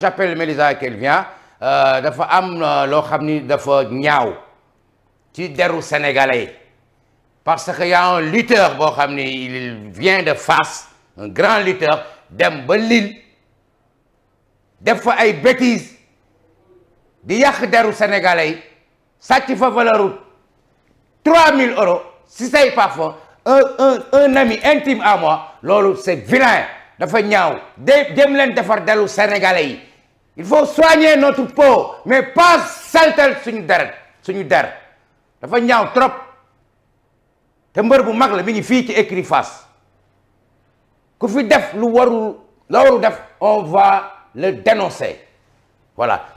j'appelle Mélissa qu'elle vient euh, dafa am euh, loo xam ni dafa ñaaw ci deru sénégalais parce que y a un lutteur boo xam ni il vient de Fass un grand lutteur dem ba Lille def fa ay bêtises di yàq deru sénégalais sàcc fa valeuru trois mille euros si say parfum un un ami intime à moi loolu c'est vilain dafa ñaaw de dem leen defar deru sénégalais yi il faut soigner notre po mais pas saltel suñu deret suñu der dafa ñaaw trop te mbër bu mag la mi ngi fii ci écrit face ku fi def lu waru la warul def on va le dénoncer voilà